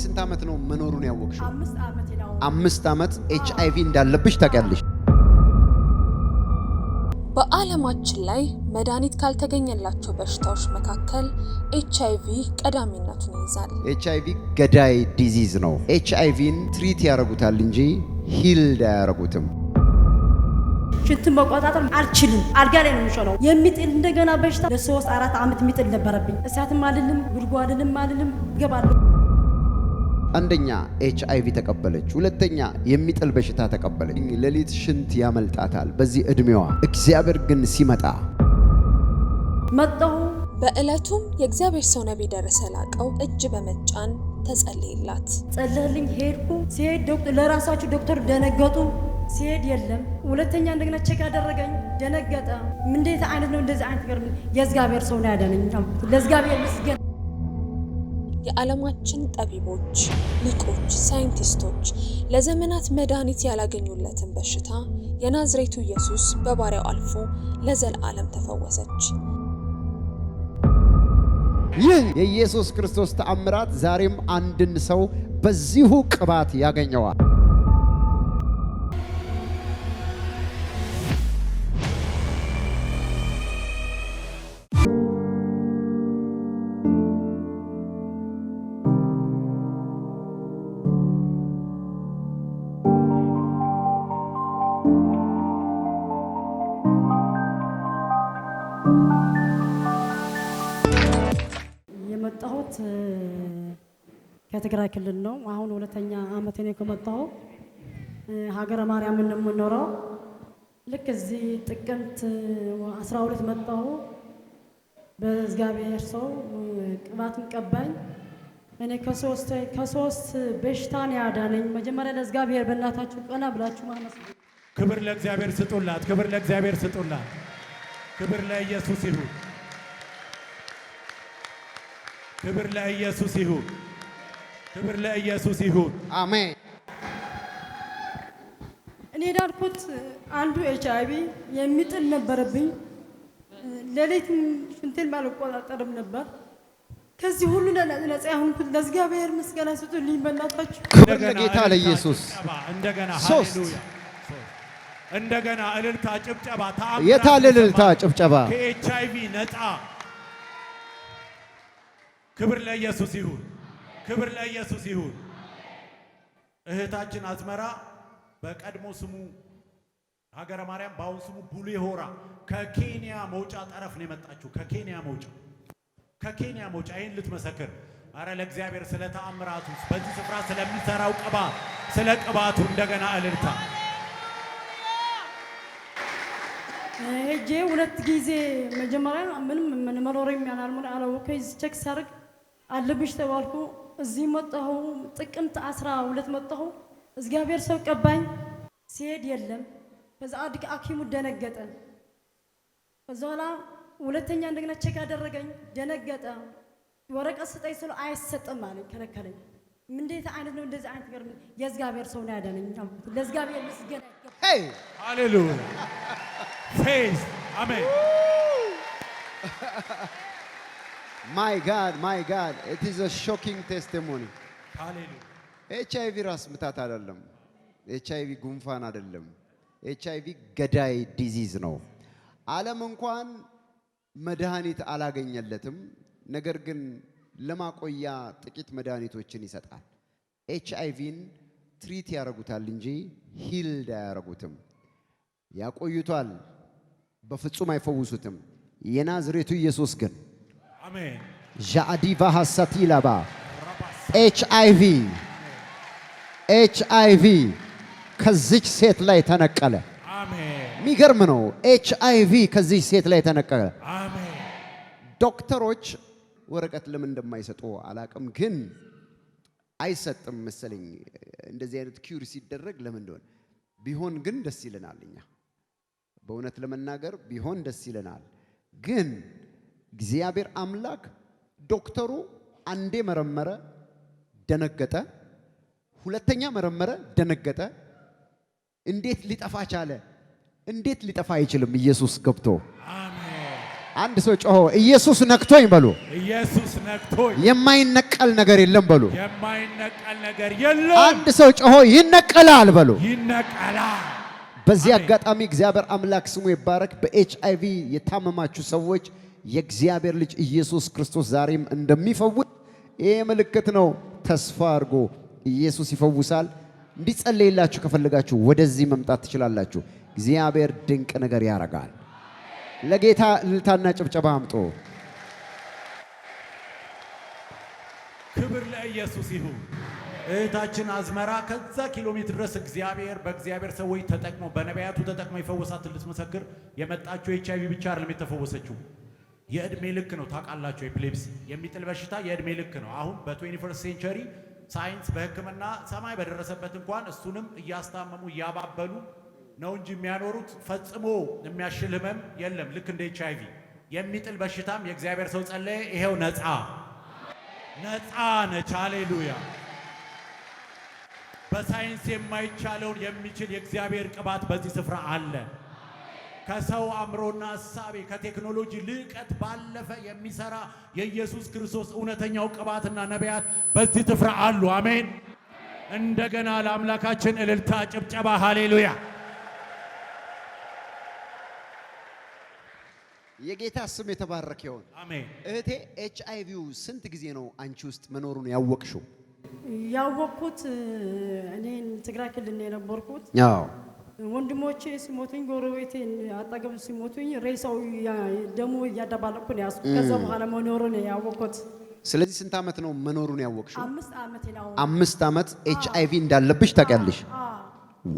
ስለዚህ ስንት ዓመት ነው መኖሩን ያወቅሽ? አምስት ዓመት ኤች አይ ቪ እንዳለብሽ ታውቂያለሽ። በዓለማችን ላይ መድኃኒት ካልተገኘላቸው በሽታዎች መካከል ኤች አይ ቪ ቀዳሚነቱን ይይዛል። ኤች አይ ቪ ገዳይ ዲዚዝ ነው። ኤች አይ ቪን ትሪት ያደርጉታል እንጂ ሂልድ አያደረጉትም። ሽንትን መቆጣጠር አልችልም። አልጋ ላይ ነው የሚሾለው። የሚጥል እንደገና በሽታ ለሶስት አራት ዓመት የሚጥል ነበረብኝ። እሳትም አልልም፣ ጉድጓድንም አልልም፣ ይገባለሁ አንደኛ ኤች አይቪ ተቀበለች፣ ሁለተኛ የሚጥል በሽታ ተቀበለች። ሌሊት ሽንት ያመልጣታል በዚህ እድሜዋ። እግዚአብሔር ግን ሲመጣ መጣሁ። በዕለቱም የእግዚአብሔር ሰው ነቢይ ደረሰ ላቀው እጅ በመጫን ተጸልይላት። ጸለልኝ ሄድኩ። ሲሄድ ለራሳችሁ ዶክተር ደነገጡ። ሲሄድ የለም። ሁለተኛ እንደገና ቼክ አደረገኝ፣ ደነገጠ። ምንዴት አይነት ነው እንደዚህ አይነት ነገር? የእግዚአብሔር ሰው ነው ያደነኝ። ለእግዚአብሔር ምስገን የዓለማችን ጠቢቦች፣ ሊቆች፣ ሳይንቲስቶች ለዘመናት መድኃኒት ያላገኙለትን በሽታ የናዝሬቱ ኢየሱስ በባሪያው አልፎ ለዘላለም ተፈወሰች። ይህ የኢየሱስ ክርስቶስ ተአምራት ዛሬም አንድን ሰው በዚሁ ቅባት ያገኘዋል። የመጣሁት ከትግራይ ክልል ነው። አሁን ሁለተኛ ዓመት ነው ከመጣሁ። ሀገረ ማርያም እንደምኖረው ልክ እዚህ ጥቅምት 12 መጣሁ። በእግዚአብሔር ሰው ቅባትን ቀባኝ። እኔ ከሶስት በሽታን ያዳነኝ መጀመሪያ ለእግዚአብሔር በእናታችሁ ቀና ብላችሁ ማመስ ክብር ለእግዚአብሔር ስጡላት። ክብር ለእግዚአብሔር ስጡላት። ክብር ለኢየሱስ ይሁን። ክብር ለኢየሱስ ይሁን። ክብር ለኢየሱስ ይሁን። አሜን። እኔ ዳልኩት አንዱ ኤች አይቪ የሚጥል ነበረብኝ። ሌሊት ሽንቴን አልቆጣጠርም ነበር። ከዚህ ሁሉ ነጻ ያሁንኩት ለእግዚአብሔር ምስጋና ስጡልኝ። በእናታችሁ ክብር ለጌታ ለኢየሱስ። እንደገና እንደገና እልልታ ጭብጨባ። የታል እልልታ ጭብጨባ ከኤች አይቪ ነጻ ክብር ለኢየሱስ ይሁን፣ ክብር ለኢየሱስ ይሁን። እህታችን አዝመራ በቀድሞ ስሙ ሀገረ ማርያም በአሁን ስሙ ቡሌ ሆራ ከኬንያ መውጫ ጠረፍ ነው የመጣችው። ከኬንያ መውጫ ከኬንያ መውጫ ይህን ልትመሰክር አረ ለእግዚአብሔር ስለ ተአምራቱ በዚህ ስፍራ ስለሚሰራው ቅባት ስለ ቅባቱ እንደገና እልልታ ሄጄ ሁለት ጊዜ መጀመሪያ ምንም መኖር የሚያናልሙን አላወቀ ቼክ ሳርግ አለብሽ ተባልኩ። እዚህ መጣሁ። ጥቅምት አስራ ሁለት መጣሁ። እግዚአብሔር ሰው ቀባኝ። ሲሄድ የለም። በዛ አድቅ አኪሙ ደነገጠ። ከዛ በኋላ ሁለተኛ እንደገና ቼክ አደረገኝ። ደነገጠ። ወረቀት ስጠኝ ስለ አይሰጥም አለኝ፣ ከለከለኝ። እንዴት አይነት ነው እንደዚህ አይነት ነገር? የእግዚአብሔር ሰው ነው ያዳነኝ። ለእግዚአብሔር ምስጋና ይገባል። ሃሌሉያ ፌዝ አሜን ማይ ጋድ ማይ ጋድ ኢት ኢዝ አ ሾኪንግ ቴስቲሞኒ ኤች አይ ቪ ራስ ምታት አይደለም። ኤች አይ ቪ ጉንፋን አይደለም። ኤች አይ ቪ ገዳይ ዲዚዝ ነው። ዓለም እንኳን መድኃኒት አላገኘለትም። ነገር ግን ለማቆያ ጥቂት መድኃኒቶችን ይሰጣል። ኤች አይ ቪን ትሪት ያደርጉታል እንጂ ሂልድ አያደርጉትም። ያቆዩቷል፣ በፍጹም አይፈውሱትም። የናዝሬቱ ኢየሱስ ግን ዣአዲቫ ሀሳቲላባ ኤች አይቪ ኤች አይቪ ከዚች ሴት ላይ ተነቀለ። የሚገርም ነው። ኤች አይቪ ከዚች ሴት ላይ ተነቀለ። ዶክተሮች ወረቀት ለምን እንደማይሰጡ አላቅም፣ ግን አይሰጥም መሰለኝ እንደዚህ አይነት ኪውር ሲደረግ ለምን እንደሆነ ቢሆን ግን ደስ ይለናል። እኛ በእውነት ለመናገር ቢሆን ደስ ይለናል ግን እግዚአብሔር አምላክ ዶክተሩ አንዴ መረመረ፣ ደነገጠ። ሁለተኛ መረመረ፣ ደነገጠ። እንዴት ሊጠፋ ቻለ? እንዴት ሊጠፋ አይችልም? ኢየሱስ ገብቶ አንድ ሰው ጮሆ ኢየሱስ ነክቶኝ በሉ። ኢየሱስ ነክቶኝ የማይነቀል ነገር የለም በሉ። የማይነቀል ነገር የለም። አንድ ሰው ጮሆ ይነቀላል በሉ። ይነቀላል። በዚህ አጋጣሚ እግዚአብሔር አምላክ ስሙ ይባረክ። በኤች አይ ቪ የታመማችሁ ሰዎች የእግዚአብሔር ልጅ ኢየሱስ ክርስቶስ ዛሬም እንደሚፈውስ ይህ ምልክት ነው። ተስፋ አድርጎ ኢየሱስ ይፈውሳል። እንዲጸለይላችሁ ከፈለጋችሁ ወደዚህ መምጣት ትችላላችሁ። እግዚአብሔር ድንቅ ነገር ያደርጋል። ለጌታ እልልታና ጭብጨባ አምጦ ክብር ለኢየሱስ ይሁን። እህታችን አዝመራ ከዛ ኪሎ ሜትር ድረስ እግዚአብሔር በእግዚአብሔር ሰዎች ተጠቅሞ በነቢያቱ ተጠቅሞ የፈወሳት ልትመሰክር የመጣችው ኤች አይ ቪ ብቻ አይደለም የተፈወሰችው የእድሜ ልክ ነው። ታውቃላቸው ኤፒሌፕሲ የሚጥል በሽታ የእድሜ ልክ ነው። አሁን በትዌንቲ ሴንቸሪ ሳይንስ በህክምና ሰማይ በደረሰበት እንኳን እሱንም እያስታመሙ እያባበሉ ነው እንጂ የሚያኖሩት ፈጽሞ የሚያሽል ህመም የለም። ልክ እንደ ኤች የሚጥል በሽታም የእግዚአብሔር ሰው ጸለየ፣ ይሄው ነፃ ነፃ ነች። አሌሉያ በሳይንስ የማይቻለውን የሚችል የእግዚአብሔር ቅባት በዚህ ስፍራ አለ። ከሰው አእምሮና ሐሳቤ ከቴክኖሎጂ ልዕቀት ባለፈ የሚሰራ የኢየሱስ ክርስቶስ እውነተኛው ቅባትና ነቢያት በዚህ ስፍራ አሉ። አሜን። እንደገና ለአምላካችን እልልታ፣ ጭብጨባ፣ ሃሌሉያ። የጌታ ስም የተባረከ ይሁን። አሜን። እህቴ ኤች አይ ቪው ስንት ጊዜ ነው አንቺ ውስጥ መኖሩን ያወቅሽው? ያወቅኩት እኔን ትግራይ ክልል የነበርኩት። አዎ ወንድሞቼ ሲሞቱኝ ጎረቤቴ አጠገብ ሲሞቱኝ ሬሳው ደሞ እያደባለቅኩ ነው ያዝኩት። ከዛ በኋላ መኖሩን ያወቅኩት። ስለዚህ ስንት ዓመት ነው መኖሩን ያወቅሽው? አምስት ዓመት ኤች አይ ቪ እንዳለብሽ ታውቂያለሽ?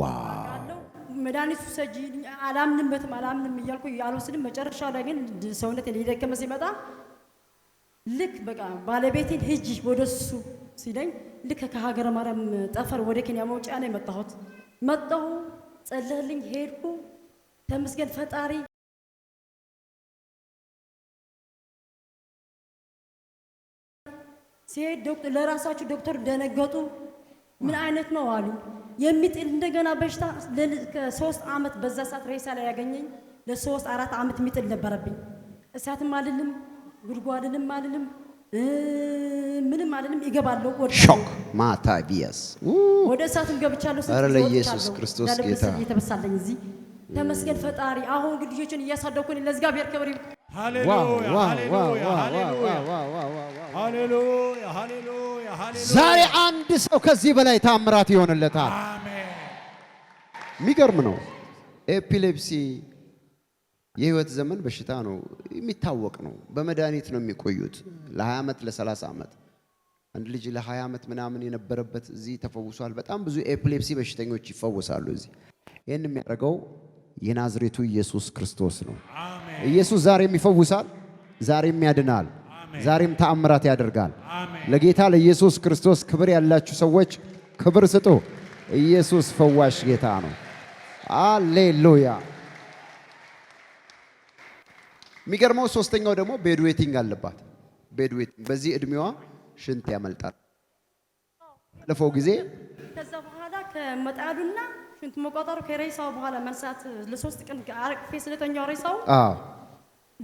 ዋው መድኃኒቱ ሰጂ አላምንበትም አላምንም እያልኩ አልወስድም። መጨረሻ ላይ ግን ሰውነት ሊደከመ ሲመጣ ልክ በቃ ባለቤቴን ሂጂ ወደሱ ሲለኝ ልክ ከሀገረ ማርያም ጠፈር ወደ ኬንያ መውጫ ነው የመጣሁት መጣሁ ጸለህልኝ ሄድኩ። ተመስገን ፈጣሪ። ሲሄድ ለራሳችሁ ዶክተር ደነገጡ። ምን አይነት ነው አሉ የሚጥል እንደገና በሽታ ሶስት አመት በዛ ሰዓት ሬሳ ላይ ያገኘኝ ለሶስት አራት አመት የሚጥል ነበረብኝ። እሳትም አልልም ጉድጓድንም አልልም ምንም አለንም ይገባለሁ። ሾክ ማታ ቢያስ ወደ እሳትም ገብቻለሁ። ስለ ኢየሱስ ክርስቶስ ጌታ እየተበሳለኝ እዚህ ተመስገን ፈጣሪ። አሁን ግን ልጆችን ለእግዚአብሔር ክብር ዛሬ አንድ ሰው ከዚህ በላይ ታምራት ይሆንለታል። የሚገርም ነው። ኤፒሌፕሲ የህይወት ዘመን በሽታ ነው የሚታወቅ ነው። በመድኃኒት ነው የሚቆዩት ለ20 ዓመት ለ30 ዓመት አንድ ልጅ ለ20 ዓመት ምናምን የነበረበት እዚህ ተፈውሷል። በጣም ብዙ ኤፒሌፕሲ በሽተኞች ይፈወሳሉ እዚህ። ይህን የሚያደርገው የናዝሬቱ ኢየሱስ ክርስቶስ ነው። ኢየሱስ ዛሬም ይፈውሳል፣ ዛሬም ያድናል፣ ዛሬም ተአምራት ያደርጋል። ለጌታ ለኢየሱስ ክርስቶስ ክብር ያላችሁ ሰዎች ክብር ስጡ። ኢየሱስ ፈዋሽ ጌታ ነው። አሌሉያ የሚገርመው ሶስተኛው ደግሞ ቤድዌቲንግ አለባት። ቤድ በዚህ እድሜዋ ሽንት ያመልጣል። ባለፈው ጊዜ ከዛ በኋላ ከመጣዱና ሽንት መቆጠሩ ከሬሳው በኋላ መንሳት ለሶስት ቀን አረቅፌ ስለተኛው ሬሳው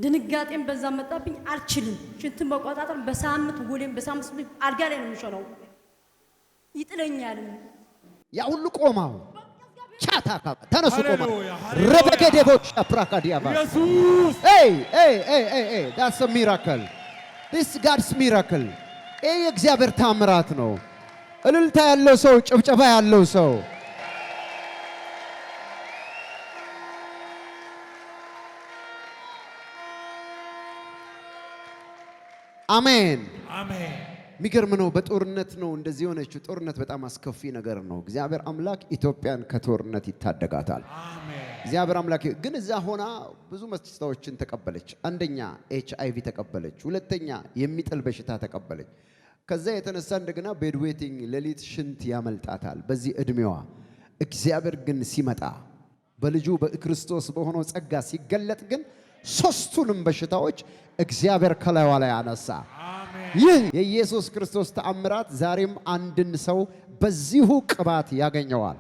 ድንጋጤም በዛ መጣብኝ። አልችልም ሽንት መቆጣጠር በሳምንት ጎሌም በሳምንት አልጋ ላይ ነው የሚሸነው ይጥለኛል። ያ ሁሉ ቆማው ቻታካ ተነሱ ቆማ ረበገዴቦች አፕራካዲያባ ዳስ ሚራክል ዲስ ጋድስ ሚራክል። ይህ የእግዚአብሔር ታምራት ነው። እልልታ ያለው ሰው፣ ጭብጨባ ያለው ሰው አሜን። የሚገርም ነው። በጦርነት ነው እንደዚህ የሆነችው። ጦርነት በጣም አስከፊ ነገር ነው። እግዚአብሔር አምላክ ኢትዮጵያን ከጦርነት ይታደጋታል። እግዚአብሔር አምላክ ግን እዛ ሆና ብዙ በሽታዎችን ተቀበለች። አንደኛ ኤች አይ ቪ ተቀበለች፣ ሁለተኛ የሚጥል በሽታ ተቀበለች። ከዛ የተነሳ እንደገና ቤድ ሌሊት ሽንት ያመልጣታል በዚህ እድሜዋ። እግዚአብሔር ግን ሲመጣ በልጁ በክርስቶስ በሆነው ጸጋ ሲገለጥ ግን ሶስቱንም በሽታዎች እግዚአብሔር ከላይዋ ላይ አነሳ። ይህ የኢየሱስ ክርስቶስ ተአምራት ዛሬም አንድን ሰው በዚሁ ቅባት ያገኘዋል፣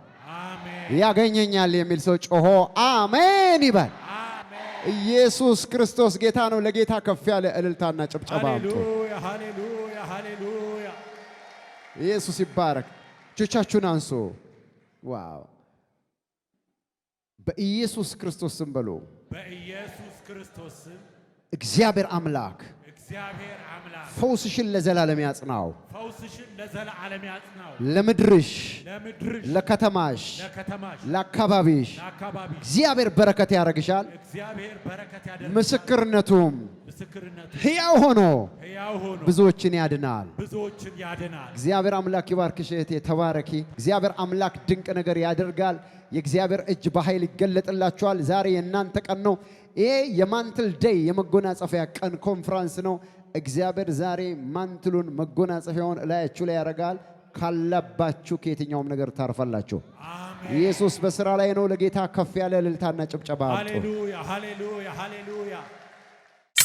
ያገኘኛል የሚል ሰው ጮሆ አሜን ይበል። ኢየሱስ ክርስቶስ ጌታ ነው። ለጌታ ከፍ ያለ እልልታና ጭብጨባ ሃሌሉያ። ኢየሱስ ይባረክ። እጆቻችሁን አንሶ ዋው! በኢየሱስ ክርስቶስ ስም በሉ። በኢየሱስ ክርስቶስ ስም እግዚአብሔር አምላክ ፈውስሽን ለዘላለም ያጽናው። ለምድርሽ፣ ለከተማሽ፣ ለአካባቢሽ እግዚአብሔር በረከት ያደርግሻል ምስክርነቱም ሕያው ሆኖ ብዙዎችን ያድናል። እግዚአብሔር አምላክ ይባርክሽ እህቴ፣ ተባረኪ። እግዚአብሔር አምላክ ድንቅ ነገር ያደርጋል። የእግዚአብሔር እጅ በኃይል ይገለጥላችኋል። ዛሬ የእናንተ ቀን ነው። ይሄ የማንትል ደይ የመጎናጸፊያ ቀን ኮንፍራንስ ነው። እግዚአብሔር ዛሬ ማንትሉን መጎናጸፊያውን እላያችሁ ላይ ያደርጋል። ካለባችሁ ከየትኛውም ነገር ታርፋላችሁ። ኢየሱስ በስራ ላይ ነው። ለጌታ ከፍ ያለ ልልታና ጭብጨባ አምጡ።